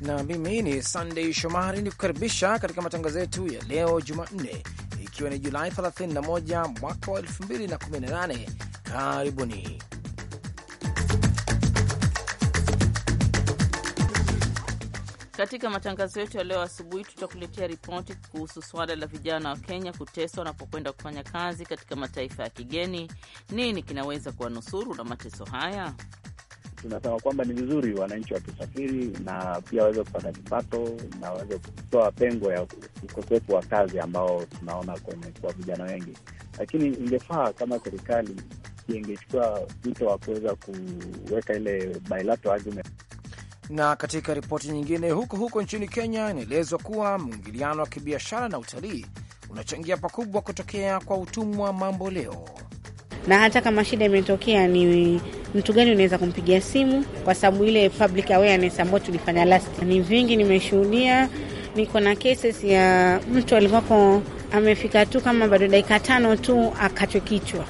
na mimi ni sandey Shomari ni kukaribisha katika matangazo yetu ya leo Jumanne, ikiwa ni Julai 31 mwaka wa 2018. Karibuni katika matangazo yetu ya leo asubuhi. Tutakuletea ripoti kuhusu suala la vijana wa Kenya kuteswa wanapokwenda kufanya kazi katika mataifa ya kigeni. Nini kinaweza kuwanusuru na mateso haya? tunasema kwamba ni vizuri wananchi wakisafiri na pia waweze kupata kipato na waweze kutoa pengo ya ukosefu wa kazi ambao tunaona kwenye kwa vijana wengi, lakini ingefaa kama serikali ingechukua wito wa kuweza kuweka ile bilateral agreement. Na katika ripoti nyingine, huko huko nchini Kenya, inaelezwa kuwa mwingiliano wa kibiashara na utalii unachangia pakubwa kutokea kwa utumwa mambo leo, na hata kama shida imetokea ni mtu gani unaweza kumpigia simu, kwa sababu ile public awareness ambayo tulifanya last ni vingi. Nimeshuhudia, niko na cases ya mtu alivyoko amefika tu kama bado dakika tano tu akatwe kichwa.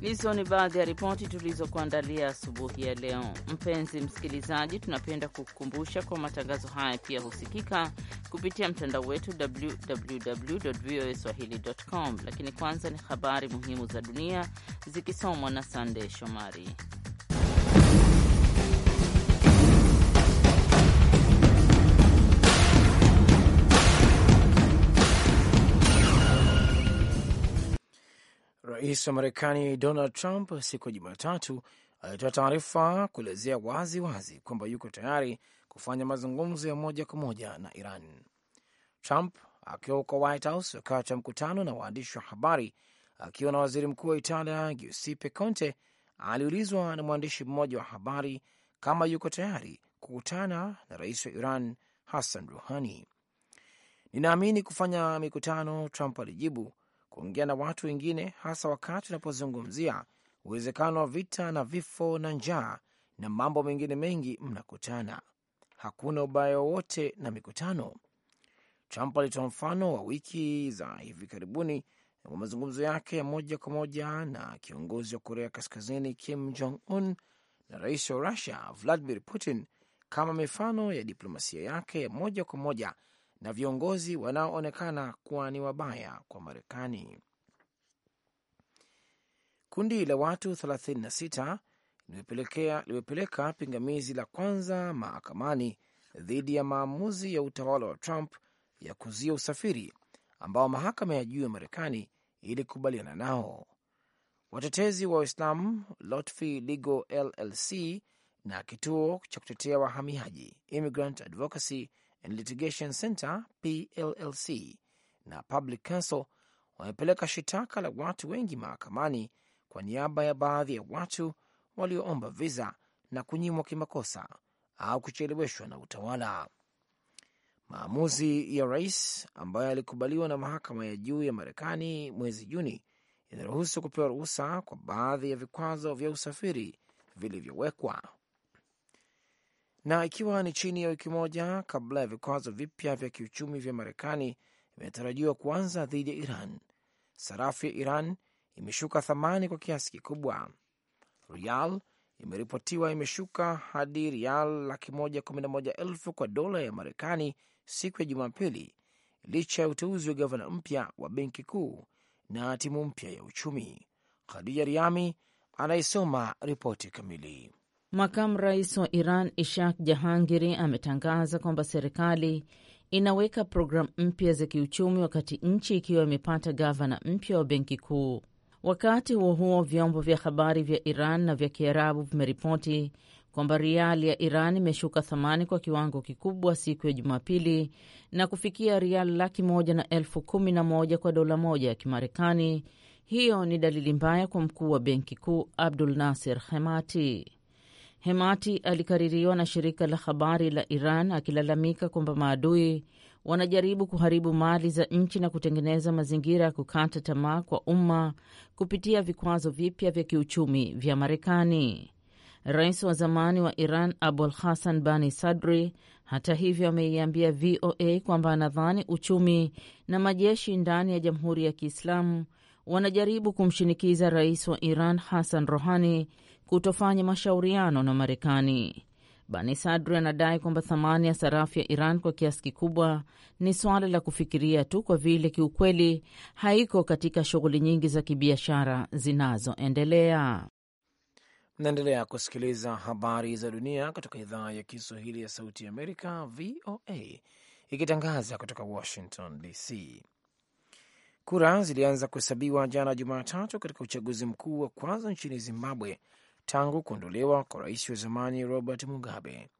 Hizo ni baadhi ya ripoti tulizokuandalia asubuhi ya leo. Mpenzi msikilizaji, tunapenda kukukumbusha kwa matangazo haya pia husikika kupitia mtandao wetu www voa swahili.com. Lakini kwanza ni habari muhimu za dunia zikisomwa na Sandey Shomari. Rais wa Marekani Donald Trump siku ya Jumatatu alitoa taarifa kuelezea wazi wazi kwamba yuko tayari kufanya mazungumzo ya moja kwa moja na Iran. Trump akiwa huko White House wakati wa mkutano na waandishi wa habari akiwa na waziri mkuu wa Italia Giuseppe Conte, aliulizwa na mwandishi mmoja wa habari kama yuko tayari kukutana na rais wa Iran Hassan Ruhani. Ninaamini kufanya mikutano, Trump alijibu, kuongea na watu wengine, hasa wakati unapozungumzia uwezekano wa vita na vifo na njaa na mambo mengine mengi mnakutana. Hakuna ubaya wowote na mikutano. Trump alitoa mfano wa wiki za hivi karibuni wa mazungumzo yake ya moja kwa moja na kiongozi wa Korea Kaskazini Kim Jong Un na rais wa Rusia Vladimir Putin kama mifano ya diplomasia yake ya moja kwa moja na viongozi wanaoonekana kuwa ni wabaya kwa Marekani. Kundi la watu 36 limepeleka pingamizi la kwanza mahakamani dhidi ya maamuzi ya utawala wa Trump ya kuzuia usafiri ambao mahakama ya juu ya Marekani ilikubaliana nao. Watetezi wa Waislam Lotfi ligo LLC na kituo cha kutetea wahamiaji Immigrant Advocacy and Litigation Center PLLC na Public Counsel wamepeleka shitaka la watu wengi mahakamani kwa niaba ya baadhi ya watu walioomba viza na kunyimwa kimakosa au kucheleweshwa na utawala. Maamuzi ya rais ambayo yalikubaliwa na mahakama ya juu ya Marekani mwezi Juni inaruhusu kupewa ruhusa kwa baadhi ya vikwazo vya usafiri vilivyowekwa na ikiwa ni chini ya wiki moja kabla ya vikwazo vipya vya kiuchumi vya Marekani vinatarajiwa kuanza dhidi ya Iran, sarafu ya Iran imeshuka thamani kwa kiasi kikubwa. Rial imeripotiwa imeshuka hadi rial laki moja kumi na moja elfu kwa dola ya Marekani siku ya Jumapili, licha ya uteuzi wa gavana mpya wa benki kuu na timu mpya ya uchumi. Khadija Riami anayesoma ripoti kamili. Makamu rais wa Iran Ishak Jahangiri ametangaza kwamba serikali inaweka programu mpya za kiuchumi wakati nchi ikiwa imepata gavana mpya wa benki kuu. Wakati huo huo, vyombo vya habari vya Iran na vya Kiarabu vimeripoti kwamba riali ya Iran imeshuka thamani kwa kiwango kikubwa siku ya Jumapili na kufikia riali laki moja na elfu kumi na moja kwa dola moja ya Kimarekani. Hiyo ni dalili mbaya kwa mkuu wa benki kuu Abdul Nasir Hemati. Hemati alikaririwa na shirika la habari la Iran akilalamika kwamba maadui wanajaribu kuharibu mali za nchi na kutengeneza mazingira ya kukata tamaa kwa umma kupitia vikwazo vipya vya kiuchumi vya Marekani. Rais wa zamani wa Iran Abul Hassan Bani Sadri, hata hivyo, ameiambia VOA kwamba anadhani uchumi na majeshi ndani ya Jamhuri ya Kiislamu wanajaribu kumshinikiza rais wa Iran Hassan Rohani kutofanya mashauriano na Marekani. Bani Sadri anadai kwamba thamani ya sarafu ya Iran kwa kiasi kikubwa ni suala la kufikiria tu, kwa vile kiukweli haiko katika shughuli nyingi za kibiashara zinazoendelea. naendelea kusikiliza habari za dunia kutoka idhaa ya Kiswahili ya Sauti ya Amerika, VOA, ikitangaza kutoka Washington DC. Kura zilianza kuhesabiwa jana Jumatatu katika uchaguzi mkuu wa kwanza nchini Zimbabwe tangu kuondolewa kwa rais wa zamani Robert Mugabe,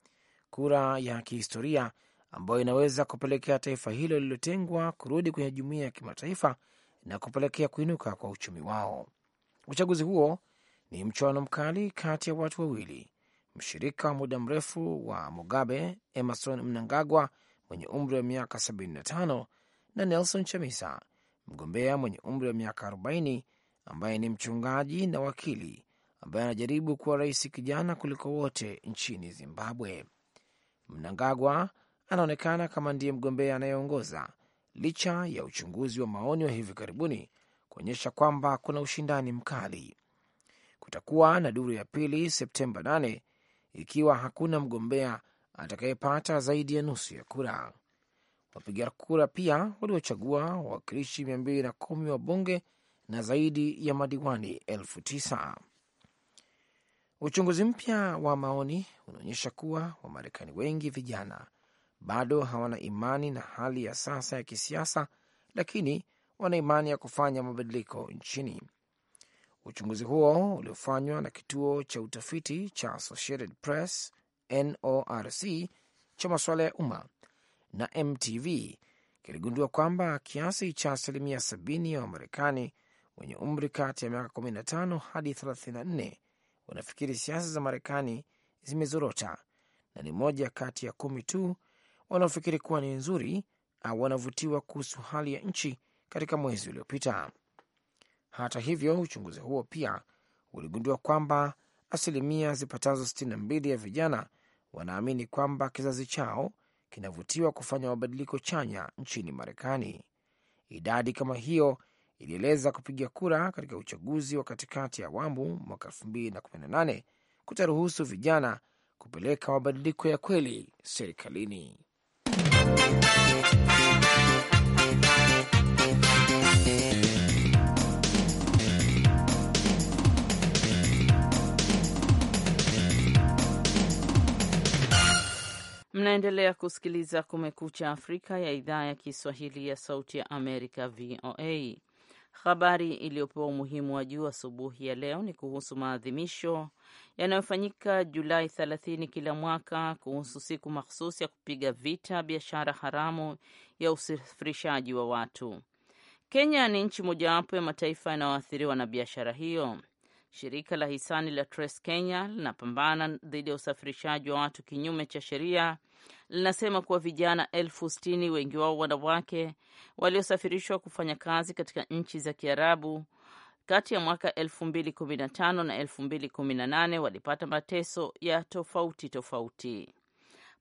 kura ya kihistoria ambayo inaweza kupelekea taifa hilo lililotengwa kurudi kwenye jumuiya ya kimataifa na kupelekea kuinuka kwa uchumi wao. Uchaguzi huo ni mchuano mkali kati ya watu wawili, mshirika wa muda mrefu wa Mugabe Emerson Mnangagwa mwenye umri wa miaka 75 na Nelson Chamisa, mgombea mwenye umri wa miaka 40 ambaye ni mchungaji na wakili ambaye anajaribu kuwa rais kijana kuliko wote nchini Zimbabwe. Mnangagwa anaonekana kama ndiye mgombea anayeongoza licha ya uchunguzi wa maoni wa hivi karibuni kuonyesha kwamba kuna ushindani mkali. Kutakuwa na duru ya pili Septemba 8 ikiwa hakuna mgombea atakayepata zaidi ya nusu ya kura. Wapiga kura pia waliochagua wawakilishi 21 wa bunge na zaidi ya madiwani elfu tisa. Uchunguzi mpya wa maoni unaonyesha kuwa Wamarekani wengi vijana bado hawana imani na hali ya sasa ya kisiasa, lakini wana imani ya kufanya mabadiliko nchini. Uchunguzi huo uliofanywa na kituo cha utafiti cha Associated Press, NORC, cha masuala ya umma na MTV kiligundua kwamba kiasi cha asilimia 7b0 ya Wamarekani wenye umri kati ya miaka 15 hadi 34 wanafikiri siasa za Marekani zimezorota na ni moja kati ya kumi tu wanaofikiri kuwa ni nzuri au wanavutiwa kuhusu hali ya nchi katika mwezi uliopita. Hata hivyo, uchunguzi huo pia uligundua kwamba asilimia zipatazo 62 ya vijana wanaamini kwamba kizazi chao kinavutiwa kufanya mabadiliko chanya nchini Marekani. Idadi kama hiyo ilieleza kupiga kura katika uchaguzi wa katikati ya awamu mwaka 2018 kutaruhusu vijana kupeleka mabadiliko ya kweli serikalini. Mnaendelea kusikiliza Kumekucha Afrika ya idhaa ya Kiswahili ya Sauti ya Amerika, VOA. Habari iliyopewa umuhimu wa juu asubuhi ya leo ni kuhusu maadhimisho yanayofanyika Julai 30 kila mwaka kuhusu siku mahsusi ya kupiga vita biashara haramu ya usafirishaji wa watu. Kenya ni nchi mojawapo ya mataifa yanayoathiriwa na biashara hiyo. Shirika la hisani la Trace Kenya linapambana dhidi ya usafirishaji wa watu kinyume cha sheria linasema kuwa vijana elfu sitini, wengi wao wanawake, waliosafirishwa kufanya kazi katika nchi za Kiarabu kati ya mwaka 2015 na 2018 walipata mateso ya tofauti tofauti.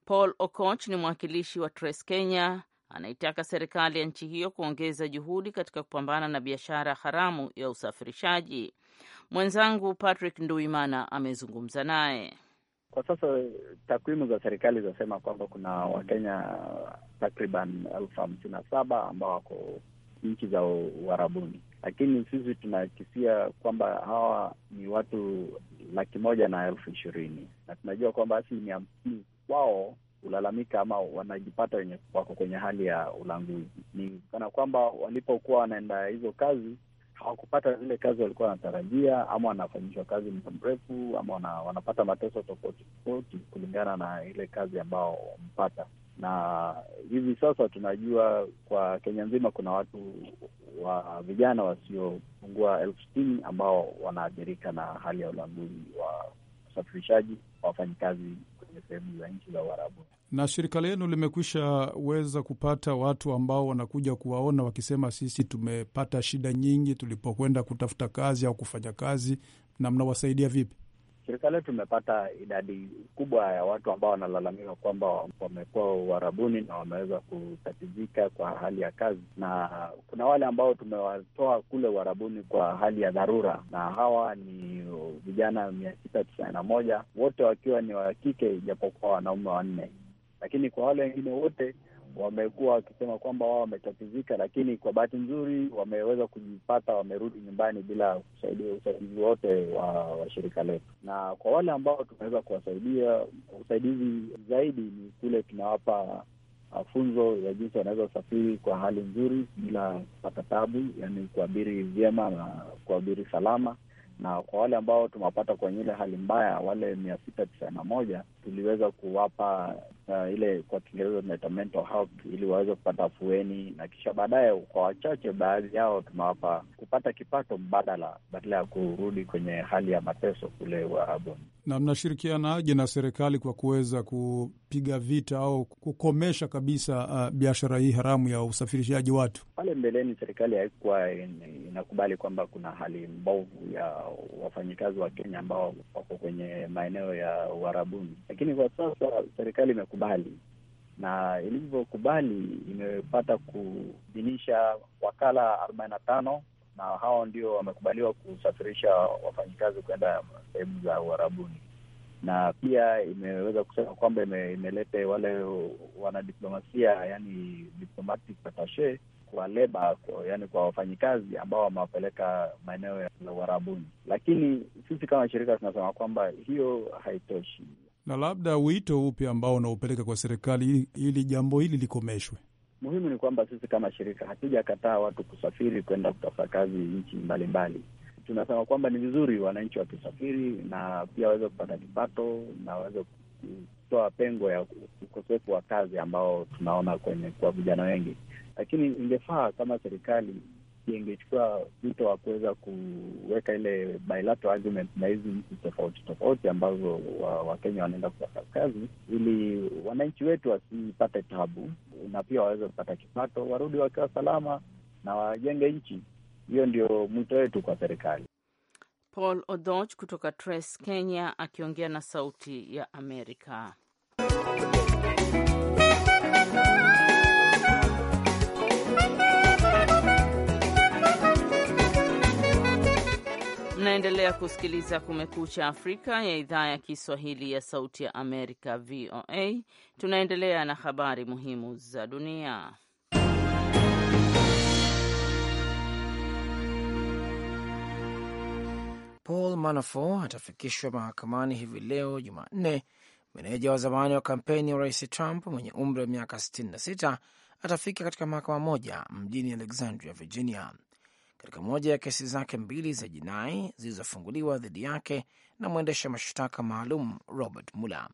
Paul Okoch ni mwakilishi wa Trace Kenya, anaitaka serikali ya nchi hiyo kuongeza juhudi katika kupambana na biashara haramu ya usafirishaji. Mwenzangu Patrick Nduimana amezungumza naye. Kwa sasa takwimu za serikali zinasema kwamba kuna Wakenya takriban elfu hamsini na saba ambao wako nchi za uharabuni, lakini sisi tunakisia kwamba hawa ni watu laki moja na elfu ishirini na tunajua kwamba asilimia hamsini wao ulalamika ama wanajipata wenye wako kwenye hali ya ulanguzi. Ni kana kwamba walipokuwa wanaenda hizo kazi hawakupata zile kazi walikuwa wanatarajia, ama wanafanyishwa kazi muda mrefu, ama wana, wanapata mateso tofauti tofauti kulingana na ile kazi ambao wamepata. Na hivi sasa tunajua kwa Kenya nzima kuna watu wa vijana wasiopungua elfu sitini ambao wanaathirika na hali ya ulanguzi wa usafirishaji wa wafanyikazi kwenye sehemu za nchi za Uarabuni na shirika lenu weza kupata watu ambao wanakuja kuwaona wakisema, sisi tumepata shida nyingi tulipokwenda kutafuta kazi au kufanya kazi, na mnawasaidia vipi? Shirika letu tumepata idadi kubwa ya watu ambao wanalalamika kwamba wamekuwa uharabuni na wameweza kutatizika kwa hali ya kazi, na kuna wale ambao tumewatoa kule uharabuni kwa hali ya dharura, na hawa ni vijana mia sita tisini na moja wote wakiwa ni wa kike, ijapokuwa wanaume wanne lakini kwa wale wengine wote wamekuwa wakisema kwamba wao wametatizika, lakini kwa bahati nzuri wameweza kujipata, wamerudi nyumbani bila kusaidia usaidizi wote wa, wa shirika letu. Na kwa wale ambao tunaweza kuwasaidia usaidizi zaidi ni kule tunawapa mafunzo uh, ya jinsi wanaweza usafiri kwa hali nzuri bila kupata tabu, yaani kuabiri vyema na kuabiri salama na kwa wale ambao tumewapata kwenye ile hali mbaya, wale mia sita tisini na moja tuliweza kuwapa uh, ile kwa Kiingereza tunaita mental ili waweze kupata afueni, na kisha baadaye kwa wachache, baadhi yao tumewapa kupata kipato mbadala badala ya kurudi kwenye hali ya mateso kule Uarabuni na mnashirikianaje na serikali kwa kuweza kupiga vita au kukomesha kabisa uh, biashara hii haramu ya usafirishaji watu? Pale mbeleni serikali haikuwa inakubali kwamba kuna hali mbovu ya wafanyikazi wa Kenya ambao wako kwenye maeneo ya uharabuni, lakini kwa sasa serikali imekubali na ilivyokubali imepata kuidhinisha wakala arobaini na tano na hao ndio wamekubaliwa kusafirisha wafanyikazi kwenda sehemu za uharabuni, na pia imeweza kusema kwamba ime, wale wanadiplomasia, yani diplomatic attache kwa leba kwa, yani kwa wafanyikazi ambao wamewapeleka maeneo ya uharabuni, lakini sisi kama shirika tunasema kwamba hiyo haitoshi, na labda wito upi ambao unaupeleka kwa serikali ili jambo hili likomeshwe muhimu ni kwamba sisi kama shirika hatujakataa watu kusafiri kwenda kutafuta kazi nchi mbalimbali. Tunasema kwamba ni vizuri wananchi wakisafiri, na pia waweze kupata kipato na waweze kutoa pengo ya ukosefu wa kazi ambao tunaona kwenye kwa vijana wengi, lakini ingefaa kama serikali ingechukua wito wa kuweza kuweka ile bilateral agreement na hizi nchi tofauti tofauti ambazo Wakenya wa wanaenda kupata kazi, ili wananchi wetu wasipate tabu na pia waweze kupata kipato, warudi wakiwa salama na wajenge nchi. Hiyo ndio mwito wetu kwa serikali. Paul Odhoch kutoka Tres, Kenya, akiongea na Sauti ya Amerika. Mnaendelea kusikiliza Kumekucha Afrika ya idhaa ya Kiswahili ya Sauti ya Amerika, VOA. Tunaendelea na habari muhimu za dunia. Paul Manafort atafikishwa mahakamani hivi leo Jumanne. Meneja wa zamani wa kampeni ya rais Trump mwenye umri wa miaka 66 atafika katika mahakama moja mjini Alexandria, Virginia katika moja ya kesi zake mbili za jinai zilizofunguliwa dhidi yake na mwendesha mashtaka maalum Robert Mueller.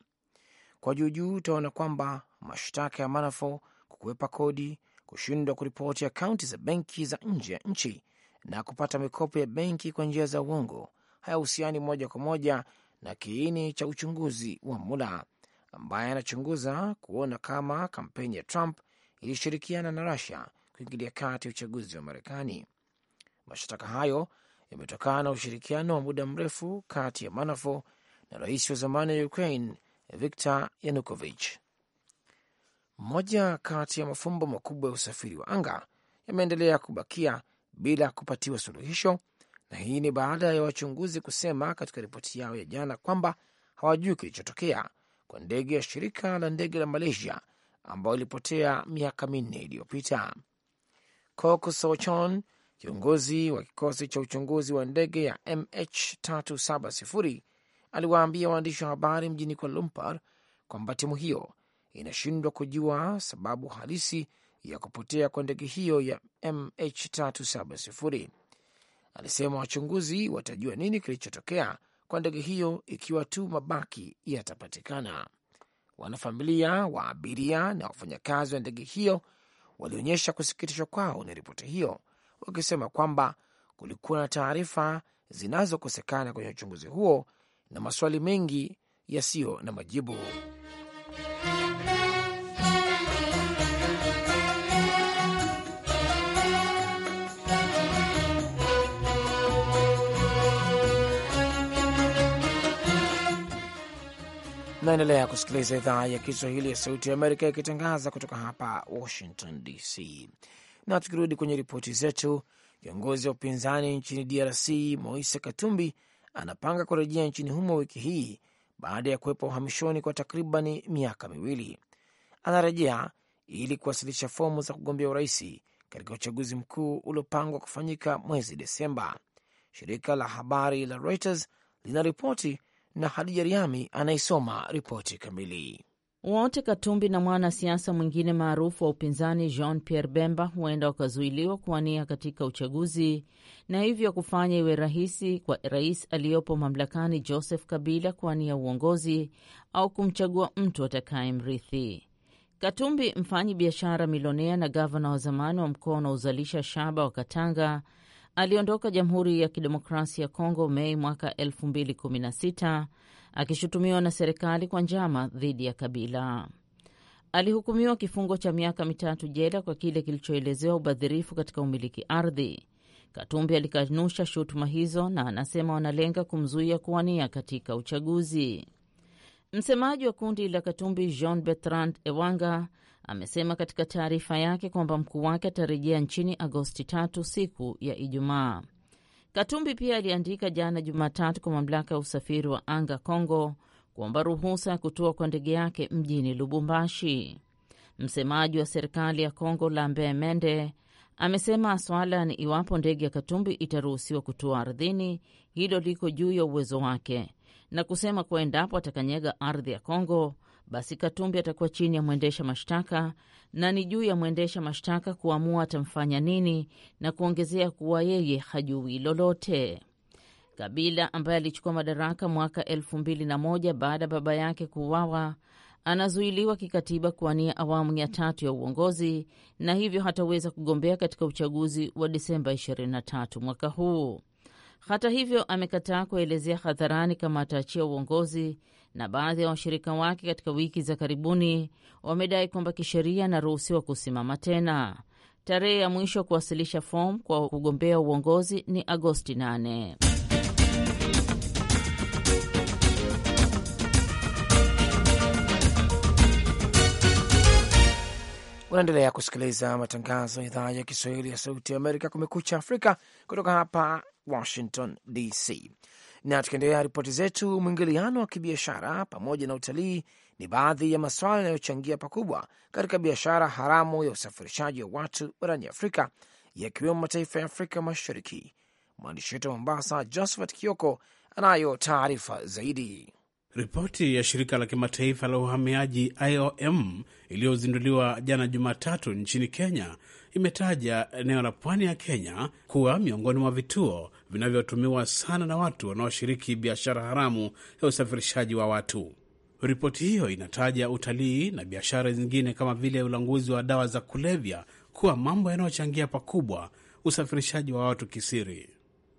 Kwa juujuu utaona kwamba mashtaka ya Manafo, kukwepa kodi, kushindwa kuripoti akaunti za benki za nje ya nchi na kupata mikopo ya benki kwa njia za uongo hayahusiani moja kwa moja na kiini cha uchunguzi wa Mula ambaye anachunguza kuona kama kampeni ya Trump ilishirikiana na rasia kuingilia kati ya uchaguzi wa Marekani. Mashtaka hayo yametokana na ushirikiano wa muda mrefu kati ya Manafo na rais wa zamani wa Ukraine Viktor yanukovich Mmoja kati ya mafumbo makubwa ya usafiri wa anga yameendelea kubakia bila kupatiwa suluhisho, na hii ni baada ya wachunguzi kusema katika ripoti yao ya jana kwamba hawajui kilichotokea kwa ndege ya shirika la ndege la Malaysia ambayo ilipotea miaka minne iliyopita. Koh Kiongozi wa kikosi cha uchunguzi wa ndege ya MH370 aliwaambia waandishi wa habari mjini Kuala Lumpur kwamba timu hiyo inashindwa kujua sababu halisi ya kupotea kwa ndege hiyo ya MH370. Alisema wachunguzi watajua nini kilichotokea kwa ndege hiyo ikiwa tu mabaki yatapatikana. Wanafamilia wa abiria na wafanyakazi wa ndege hiyo walionyesha kusikitishwa kwao na ripoti hiyo wakisema kwamba kulikuwa na taarifa zinazokosekana kwenye uchunguzi huo na maswali mengi yasiyo na majibu. Naendelea kusikiliza idhaa ya Kiswahili ya Sauti ya Amerika ikitangaza kutoka hapa Washington DC. Na tukirudi kwenye ripoti zetu, kiongozi wa upinzani nchini DRC Moise Katumbi anapanga kurejea nchini humo wiki hii baada ya kuwepo uhamishoni kwa takriban miaka miwili. Anarejea ili kuwasilisha fomu za kugombea uraisi katika uchaguzi mkuu uliopangwa kufanyika mwezi Desemba. Shirika la habari la Reuters linaripoti na Hadija Riami anayesoma ripoti kamili wote Katumbi na mwanasiasa mwingine maarufu wa upinzani Jean Pierre Bemba huenda wakazuiliwa kuwania katika uchaguzi na hivyo kufanya iwe rahisi kwa rais aliyopo mamlakani Joseph Kabila kuwania uongozi au kumchagua mtu atakaye mrithi Katumbi, mfanyi biashara milionea na gavana wa zamani wa mkoa unaozalisha shaba wa Katanga, aliondoka Jamhuri ya Kidemokrasia ya Kongo Mei mwaka 2016 akishutumiwa na serikali kwa njama dhidi ya Kabila. Alihukumiwa kifungo cha miaka mitatu jela kwa kile kilichoelezewa ubadhirifu katika umiliki ardhi. Katumbi alikanusha shutuma hizo na anasema wanalenga kumzuia kuwania katika uchaguzi. Msemaji wa kundi la Katumbi Jean Bertrand Ewanga amesema katika taarifa yake kwamba mkuu wake atarejea nchini Agosti tatu, siku ya Ijumaa. Katumbi pia aliandika jana Jumatatu kwa mamlaka ya usafiri wa anga congo kuomba ruhusa ya kutua kwa ndege yake mjini Lubumbashi. Msemaji wa serikali ya congo lambe Mende amesema swala ni iwapo ndege ya Katumbi itaruhusiwa kutua ardhini, hilo liko juu ya uwezo wake, na kusema kuwa endapo atakanyega ardhi ya congo basi Katumbi atakuwa chini ya mwendesha mashtaka na ni juu ya mwendesha mashtaka kuamua atamfanya nini, na kuongezea kuwa yeye hajui lolote. Kabila ambaye alichukua madaraka mwaka elfu mbili na moja baada ya baba yake kuuawa anazuiliwa kikatiba kuwania awamu ya tatu ya uongozi na hivyo hataweza kugombea katika uchaguzi wa Disemba 23 mwaka huu. Hata hivyo, amekataa kuelezea hadharani kama ataachia uongozi na baadhi ya washirika wake katika wiki za karibuni wamedai kwamba kisheria anaruhusiwa kusimama tena. Tarehe ya mwisho kuwasilisha fomu kwa kugombea uongozi ni Agosti 8. Unaendelea kusikiliza matangazo ya idhaa ya Kiswahili ya Sauti ya Amerika, Kumekucha Afrika, kutoka hapa Washington DC. Na tukiendelea ripoti zetu, mwingiliano wa kibiashara pamoja na utalii ni baadhi ya masuala yanayochangia pakubwa katika biashara haramu ya usafirishaji wa watu barani Afrika, yakiwemo mataifa ya Afrika Mashariki. Mwandishi wetu wa Mombasa, Josephat Kioko, anayo taarifa zaidi. Ripoti ya shirika la kimataifa la uhamiaji IOM iliyozinduliwa jana Jumatatu nchini Kenya imetaja eneo la pwani ya Kenya kuwa miongoni mwa vituo vinavyotumiwa sana na watu wanaoshiriki biashara haramu ya usafirishaji wa watu. Ripoti hiyo inataja utalii na biashara zingine kama vile ulanguzi wa dawa za kulevya kuwa mambo yanayochangia pakubwa usafirishaji wa watu kisiri.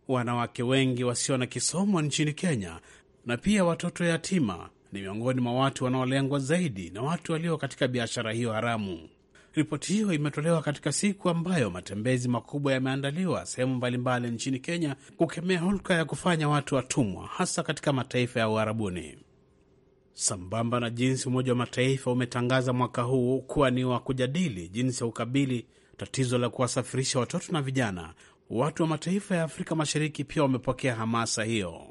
Wanawake wengi wasio na kisomo nchini Kenya na pia watoto yatima ni miongoni mwa watu wanaolengwa zaidi na watu walio katika biashara hiyo haramu. Ripoti hiyo imetolewa katika siku ambayo matembezi makubwa yameandaliwa sehemu mbalimbali nchini Kenya kukemea hulka ya kufanya watu watumwa, hasa katika mataifa ya uharabuni Sambamba na jinsi Umoja wa Mataifa umetangaza mwaka huu kuwa ni wa kujadili jinsi ya ukabili tatizo la kuwasafirisha watoto na vijana, watu wa mataifa ya Afrika Mashariki pia wamepokea hamasa hiyo.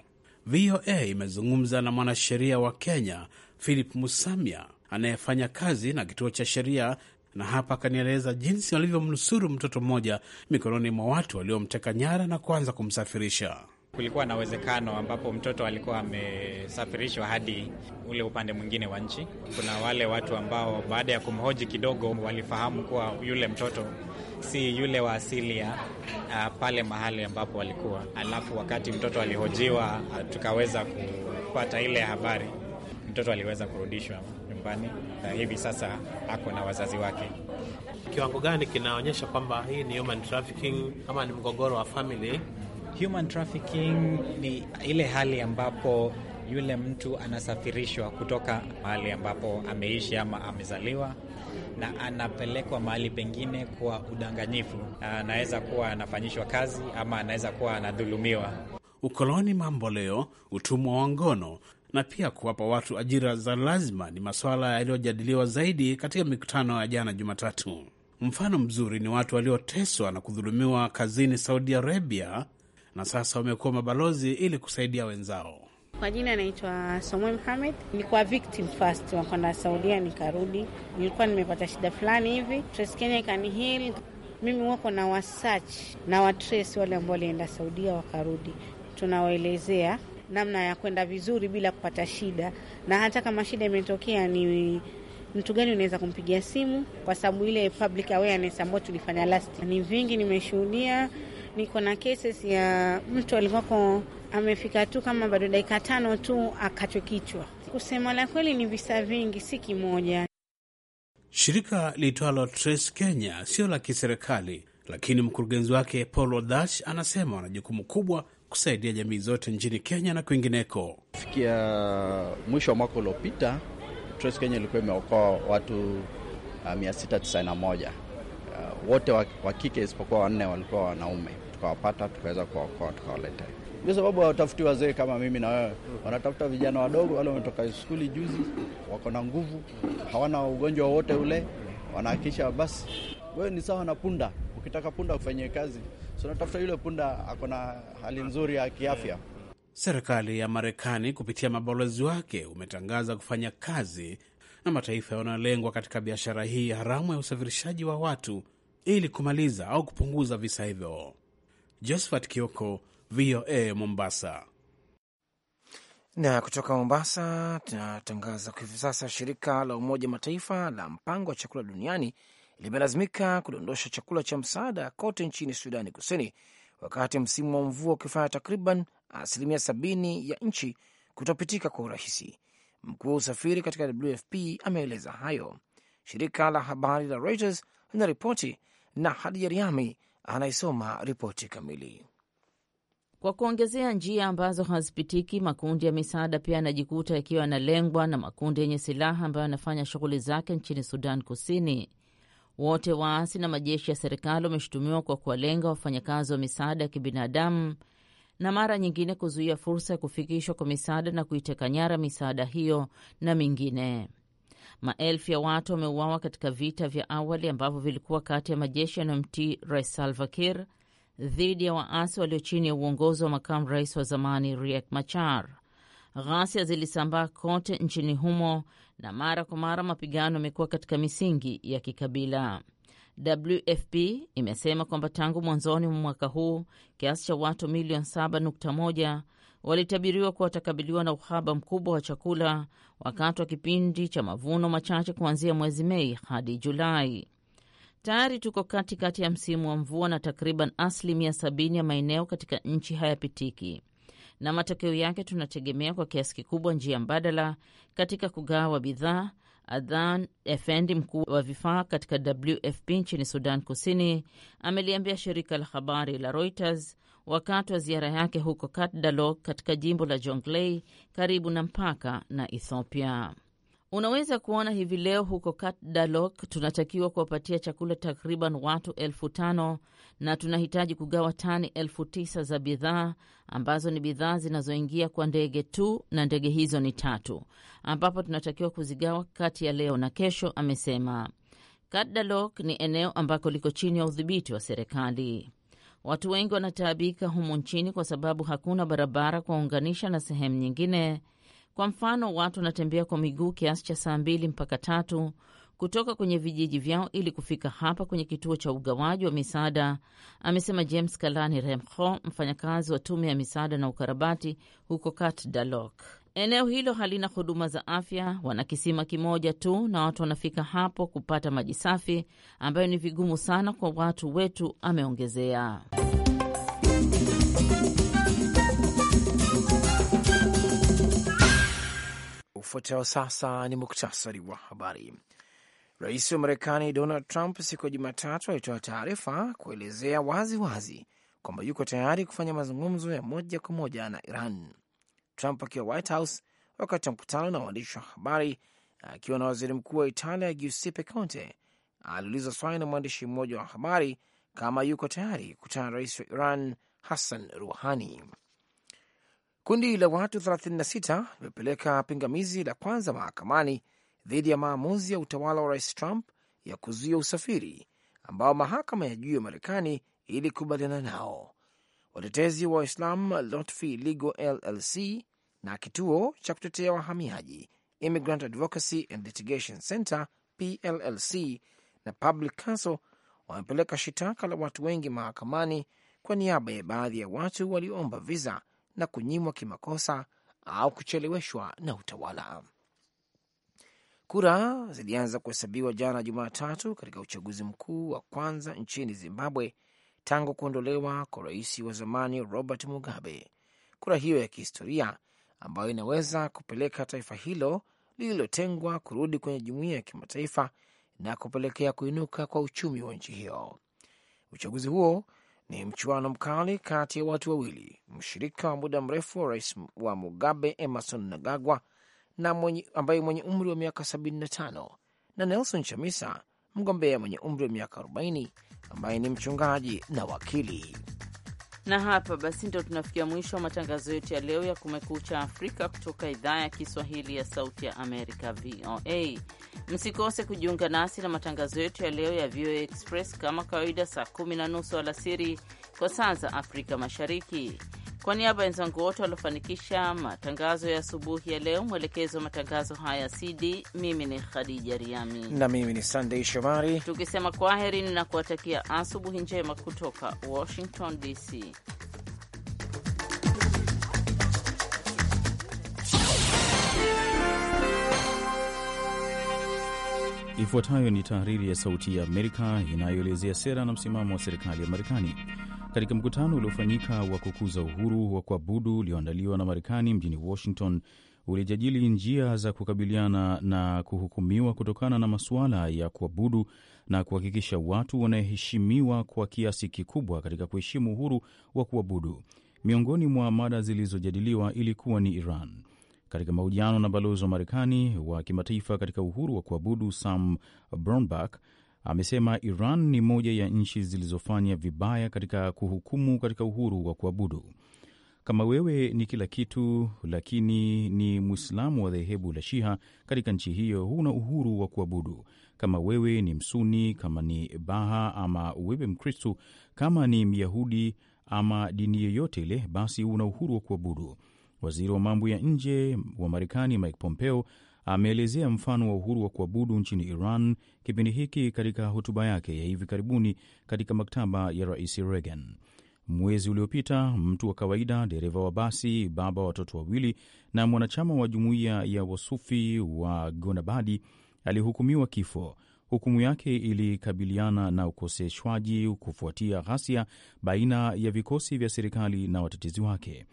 VOA imezungumza na mwanasheria wa Kenya Philip Musamia anayefanya kazi na kituo cha sheria, na hapa akanieleza jinsi walivyomnusuru mtoto mmoja mikononi mwa watu waliomteka nyara na kuanza kumsafirisha. Kulikuwa na uwezekano ambapo mtoto alikuwa amesafirishwa hadi ule upande mwingine wa nchi. Kuna wale watu ambao baada ya kumhoji kidogo, walifahamu kuwa yule mtoto si yule wa asili ya ah, pale mahali ambapo walikuwa. Alafu wakati mtoto alihojiwa, ah, tukaweza kupata ile habari, mtoto aliweza kurudishwa nyumbani na hivi sasa ako na wazazi wake. Kiwango gani kinaonyesha kwamba hii ni human trafficking ama ni mgogoro wa family? Human trafficking ni ile hali ambapo yule mtu anasafirishwa kutoka mahali ambapo ameishi ama amezaliwa na anapelekwa mahali pengine kwa udanganyifu. Anaweza kuwa anafanyishwa kazi ama anaweza kuwa anadhulumiwa. Ukoloni mambo leo, utumwa wa ngono na pia kuwapa watu ajira za lazima ni masuala yaliyojadiliwa zaidi katika mikutano ya jana Jumatatu. Mfano mzuri ni watu walioteswa na kudhulumiwa kazini Saudi Arabia na sasa wamekuwa mabalozi ili kusaidia wenzao. Kwa jina anaitwa Somwe Muhamed. Nilikuwa victim first, kwenda Saudia nikarudi, nilikuwa nimepata shida fulani hivi, Trace Kenya ikani ikanihil mimi, wako na wasearch na watrace wale ambao walienda Saudia wakarudi, tunawaelezea namna ya kwenda vizuri bila kupata shida, na hata kama shida imetokea ni mtu gani unaweza kumpigia simu, kwa sababu ile public awareness ambayo tulifanya last ni vingi nimeshuhudia niko na cases ya mtu alikuwako amefika tu kama bado dakika tano tu akatwe kichwa. Kusema la kweli, ni visa vingi, si kimoja. Shirika liitwalo Trace Kenya sio la kiserikali, lakini mkurugenzi wake Paul Odash anasema wana jukumu kubwa kusaidia jamii zote nchini Kenya na kwingineko. Kufikia mwisho wa mwaka uliopita, Trace Kenya ilikuwa imeokoa watu 691 uh, uh, wote wa kike isipokuwa wanne walikuwa wanaume tukawapata, tukaweza kuwaokoa, tukawaleta. Ndio sababu watafuti wazee kama mimi na wewe, wanatafuta vijana wadogo, wale wametoka skuli juzi, wako na nguvu, hawana ugonjwa wowote ule, wanahakikisha basi. Wewe ni sawa na punda, ukitaka punda kufanyia kazi, so unatafuta yule punda ako na hali nzuri ya kiafya. Serikali ya Marekani kupitia mabalozi wake umetangaza kufanya kazi na mataifa yanayolengwa katika biashara hii haramu ya usafirishaji wa watu ili kumaliza au kupunguza visa hivyo. Josephat Kioko, VOA Mombasa. Na kutoka Mombasa tunatangaza kwa hivi sasa. Shirika la Umoja Mataifa la Mpango wa Chakula Duniani limelazimika kudondosha chakula cha msaada kote nchini Sudani Kusini, wakati msimu wa mvua ukifanya takriban asilimia sabini ya nchi kutopitika kwa urahisi. Mkuu wa usafiri katika WFP ameeleza hayo. Shirika la habari la Reuters linaripoti, na Hadija Riami anaisoma ripoti kamili. Kwa kuongezea njia ambazo hazipitiki, makundi ya misaada pia yanajikuta yakiwa yanalengwa na makundi yenye silaha ambayo yanafanya shughuli zake nchini Sudan Kusini. Wote waasi na majeshi ya serikali wameshutumiwa kwa kuwalenga wafanyakazi wa misaada ya kibinadamu na mara nyingine kuzuia fursa ya kufikishwa kwa misaada na kuiteka nyara misaada hiyo na mingine. Maelfu ya watu wameuawa katika vita vya awali ambavyo vilikuwa kati ya majeshi yanayomtii Rais Salva Kiir dhidi ya waasi walio chini ya uongozi wa makamu rais wa zamani Riek Machar. Ghasia zilisambaa kote nchini humo na mara kwa mara mapigano yamekuwa katika misingi ya kikabila. WFP imesema kwamba tangu mwanzoni mwa mwaka huu kiasi cha watu milioni 7.1 walitabiriwa kuwa watakabiliwa na uhaba mkubwa wa chakula wakati wa kipindi cha mavuno machache kuanzia mwezi Mei hadi Julai. Tayari tuko katikati kati ya msimu wa mvua na takriban asilimia sabini ya maeneo katika nchi hayapitiki, na matokeo yake tunategemea kwa kiasi kikubwa njia mbadala katika kugawa bidhaa. Adhan Efendi, mkuu wa vifaa katika WFP nchini Sudan Kusini, ameliambia shirika la habari la Reuters wakati wa ziara yake huko Katdalok katika jimbo la Jonglei karibu na mpaka na Ethiopia. Unaweza kuona hivi leo huko Katdalok, tunatakiwa kuwapatia chakula takriban watu elfu tano na tunahitaji kugawa tani elfu tisa za bidhaa ambazo ni bidhaa zinazoingia kwa ndege tu, na ndege hizo ni tatu, ambapo tunatakiwa kuzigawa kati ya leo na kesho, amesema. Katdalok ni eneo ambako liko chini ya udhibiti wa serikali. Watu wengi wanataabika humu nchini kwa sababu hakuna barabara kuwaunganisha na sehemu nyingine. Kwa mfano, watu wanatembea kwa miguu kiasi cha saa mbili mpaka tatu kutoka kwenye vijiji vyao ili kufika hapa kwenye kituo cha ugawaji wa misaada, amesema James Kalani Remho, mfanyakazi wa tume ya misaada na ukarabati huko Kat Dalok. Eneo hilo halina huduma za afya, wana kisima kimoja tu, na watu wanafika hapo kupata maji safi, ambayo ni vigumu sana kwa watu wetu, ameongezea. Ufuatao sasa ni muktasari wa habari. Rais wa Marekani Donald Trump siku ya Jumatatu alitoa taarifa kuelezea wazi wazi kwamba yuko tayari kufanya mazungumzo ya moja kwa moja na Iran. Trump akiwa White House wakati wa mkutano na waandishi wa habari akiwa na waziri mkuu wa Italia Giuseppe Conte aliuliza swali na mwandishi mmoja wa habari kama yuko tayari kukutana na rais wa Iran Hassan Ruhani. Kundi la watu 36 limepeleka pingamizi la kwanza mahakamani dhidi ya maamuzi ya utawala wa rais Trump ya kuzuia usafiri ambao mahakama ya juu ya Marekani ilikubaliana nao watetezi wa waislam Lotfi Legal LLC na kituo cha kutetea wahamiaji Immigrant Advocacy and Litigation Center PLLC na Public Council wamepeleka shitaka la watu wengi mahakamani kwa niaba ya baadhi ya watu walioomba viza na kunyimwa kimakosa au kucheleweshwa na utawala. Kura zilianza kuhesabiwa jana Jumatatu katika uchaguzi mkuu wa kwanza nchini Zimbabwe tangu kuondolewa kwa rais wa zamani Robert Mugabe. Kura hiyo ya kihistoria ambayo inaweza kupeleka taifa hilo lililotengwa kurudi kwenye jumuiya ya kimataifa na kupelekea kuinuka kwa uchumi wa nchi hiyo. Uchaguzi huo ni mchuano mkali kati ya watu wawili, mshirika wa muda mrefu wa rais wa Mugabe Emerson Nagagwa na mwenye, ambaye mwenye umri wa miaka 75 na Nelson Chamisa mgombea mwenye umri wa miaka 40 ambaye ni mchungaji na wakili. Na hapa basi ndo tunafikia mwisho wa matangazo yetu ya leo ya Kumekucha Afrika kutoka idhaa ya Kiswahili ya Sauti ya Amerika, VOA. Msikose kujiunga nasi na matangazo yetu ya leo ya VOA Express kama kawaida, saa kumi na nusu alasiri kwa saa za Afrika Mashariki. Kwa niaba ya wenzangu wote waliofanikisha matangazo ya asubuhi ya leo, mwelekezi wa matangazo haya CD, mimi ni Khadija Riami na mimi ni Sandei Shomari, tukisema kwaheri na kuwatakia asubuhi njema kutoka Washington DC. Ifuatayo ni tahariri ya Sauti ya Amerika inayoelezea sera na msimamo wa serikali ya Marekani katika mkutano uliofanyika wa kukuza uhuru wa kuabudu ulioandaliwa na Marekani mjini Washington ulijadili njia za kukabiliana na kuhukumiwa kutokana na masuala ya kuabudu na kuhakikisha watu wanaheshimiwa kwa kiasi kikubwa katika kuheshimu uhuru wa kuabudu. Miongoni mwa mada zilizojadiliwa ilikuwa ni Iran. Katika mahojiano na balozi wa Marekani wa kimataifa katika uhuru wa kuabudu Sam Brownback amesema Iran ni moja ya nchi zilizofanya vibaya katika kuhukumu katika uhuru wa kuabudu. Kama wewe ni kila kitu lakini ni Mwislamu wa dhehebu la shiha katika nchi hiyo, huna uhuru wa kuabudu. Kama wewe ni Msuni, kama ni Baha ama wewe Mkristu, kama ni Myahudi ama dini yoyote ile, basi huna uhuru wa kuabudu. Waziri wa mambo ya nje wa Marekani Mike Pompeo ameelezea mfano wa uhuru wa kuabudu nchini Iran kipindi hiki katika hotuba yake ya hivi karibuni katika maktaba ya Rais Reagan. Mwezi uliopita mtu wa kawaida, dereva wa basi, baba wa watoto wawili na mwanachama wa jumuiya ya wasufi wa Gonabadi alihukumiwa kifo. Hukumu yake ilikabiliana na ukoseshwaji kufuatia ghasia baina ya vikosi vya serikali na watetezi wake.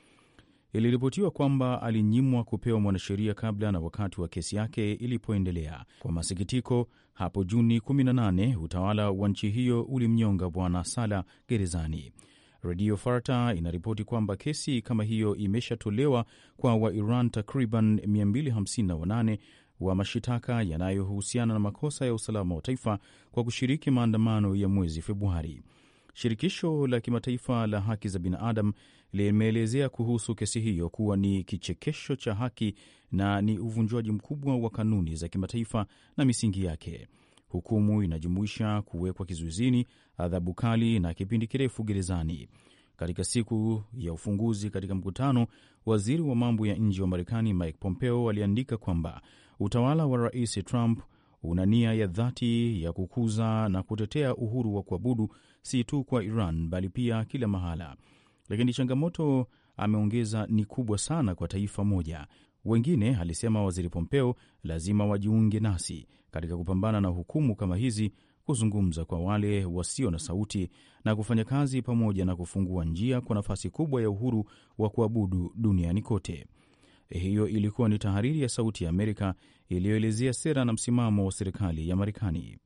Iliripotiwa kwamba alinyimwa kupewa mwanasheria kabla na wakati wa kesi yake ilipoendelea. Kwa masikitiko, hapo Juni 18 utawala wa nchi hiyo ulimnyonga Bwana Sala gerezani. Redio Farta inaripoti kwamba kesi kama hiyo imeshatolewa kwa Wairan takriban 258 wa mashitaka yanayohusiana na makosa ya usalama wa taifa kwa kushiriki maandamano ya mwezi Februari. Shirikisho la kimataifa la haki za binadamu limeelezea kuhusu kesi hiyo kuwa ni kichekesho cha haki na ni uvunjwaji mkubwa wa kanuni za kimataifa na misingi yake. Hukumu inajumuisha kuwekwa kizuizini, adhabu kali na kipindi kirefu gerezani. Katika siku ya ufunguzi katika mkutano, waziri wa mambo ya nje wa Marekani Mike Pompeo aliandika kwamba utawala wa Rais Trump una nia ya dhati ya kukuza na kutetea uhuru wa kuabudu si tu kwa Iran bali pia kila mahala, lakini changamoto, ameongeza, ni kubwa sana kwa taifa moja. Wengine, alisema Waziri Pompeo, lazima wajiunge nasi katika kupambana na hukumu kama hizi, kuzungumza kwa wale wasio na sauti na kufanya kazi pamoja na kufungua njia kwa nafasi kubwa ya uhuru wa kuabudu duniani kote. Eh, hiyo ilikuwa ni tahariri ya Sauti ya Amerika iliyoelezea sera na msimamo wa serikali ya Marekani.